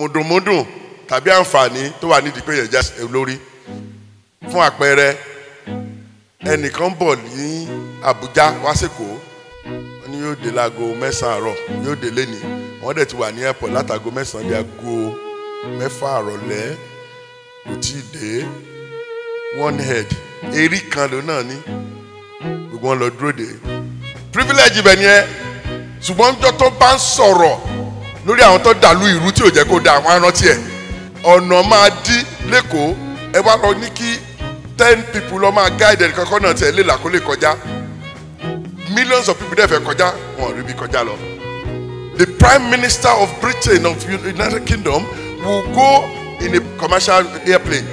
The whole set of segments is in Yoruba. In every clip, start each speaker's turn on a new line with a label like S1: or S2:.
S1: mùdùnmùdùn tàbí àǹfààní tó wà nídìí pé yẹn já lórí fún àpẹẹrẹ ẹnìkan bọ̀ ní Àbújá wá sẹ́kọ̀ọ́ wọn ni yóò dé láago mẹ́sàn-án àárọ̀ yóò dé lẹ́ni wọ́n dẹ̀ ti wà ní airport látago mẹ́sàn-án bí aago mẹ́fà àrọ̀lẹ́ kò tí ì dé one head erí kan ló náà ní gbogbo wọn lọ dúró dé privilege ibẹ̀ ni ẹ ṣùgbọ́n njọ́ tó bá ń sọ̀rọ̀ lórí àwọn tó dàlú ìrú tí ò jẹ́ kó da àwọn arántí ẹ̀ ọ̀nà máa dí lẹ́kọ̀ọ́ ẹ wá lọ ní kí ten people lọ máa guide ẹnì kankan náà tẹ̀ lé làkólé kọjá millions of people dẹ́fẹ̀ kọjá wọn ò rí bí kọjá lọ. The Prime Minister of Britain of United Kingdom will go in a commercial airplane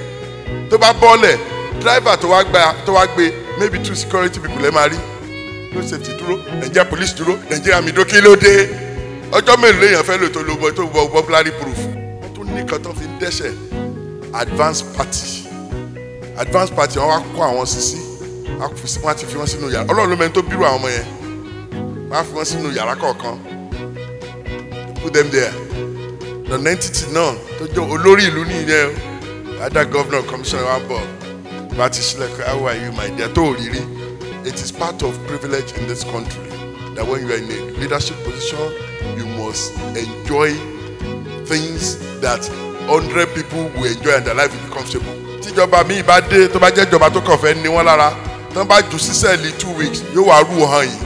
S1: tó bá bọ́ọ̀lẹ̀ driver tó wá gba tó wá gbé maybe two security people ẹ máa rí no safety dúró Nigeria police dúró Nigeria mi dó kí ló ọjọ́ mélòó lèèyàn fẹ́ lò tó lo bọ́ tó bọ́ popular proof wọ́n tún ní kan tó fi ń dẹ́sẹ̀ advance party advance party wọn wá kó àwọn sisi wọn ti fi wọn sínú yàrá ọlọ́run ló mẹ́ni tó bírò àwọn ọmọ yẹn wọ́n á fi wọn sínú yàrá kọ̀ọ̀kan put them there lọ́nà entity náà tó jẹ́ olórí ìlú nìyẹn o ada governor commissioner wa bọ̀ bá ti sílẹ̀ how are you my dear tó ò rírí it is part of privilege in this country that when you are in a leadership position, you must enjoy things that hundred people will enjoy and their life will be comfortable. tíjọba mi ìbá dé tó bá jẹ́ ìjọba tó kàn fẹ́ ní wọ́n lára tó bá jù sí sẹ́ẹ̀lì two weeks yóò wá rú hàn yìí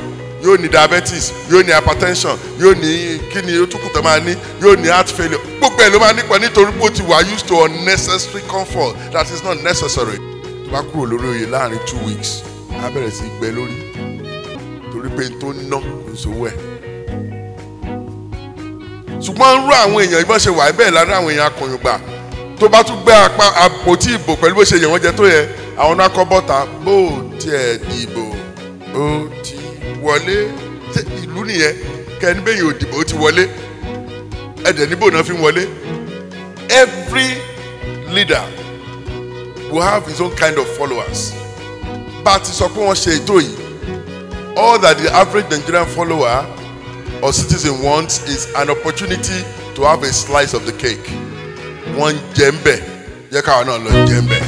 S1: yóò ní diabetes yóò ní hypertension yóò ní kíni otukùtà máa ní yóò ní heart failure gbogbo ẹ̀ ló máa nípa nítorí pé ó ti wà used to unnecessary comfort that is not necessary. tó bá kúrò lórí oyè láàrin two weeks á bẹ̀rẹ̀ sí í gbẹ lórí torí pé n tó ná kò sówó ṣùgbọ́n ń rú àwọn èèyàn ìbọn ṣe wà bẹ́ẹ̀ lára àwọn èèyàn akọ̀yìngbà tó bá tún gbé apá àpótí ìbò pẹ̀lú bó ṣe yẹ̀ jẹ tó yẹ àwọn náà kọ́ bọ́ta bó tiẹ̀ dìbò ó ti wọlé ìlú nìyẹn kẹ́ni bẹ́ẹ̀ yóò dìbò ó ti wọlé ẹ̀dẹ̀ níbò náà fi wọlé every leader will have his own kind of followers bá a ti sọ pé wọ́n ṣe ètò yìí All that the average Nigerian follower or citizen wants is an opportunity to have a slice of the cake. Wọ́n jẹ́ ń bẹ̀, yẹ káwọn náà lọ jẹ́ ń bẹ̀.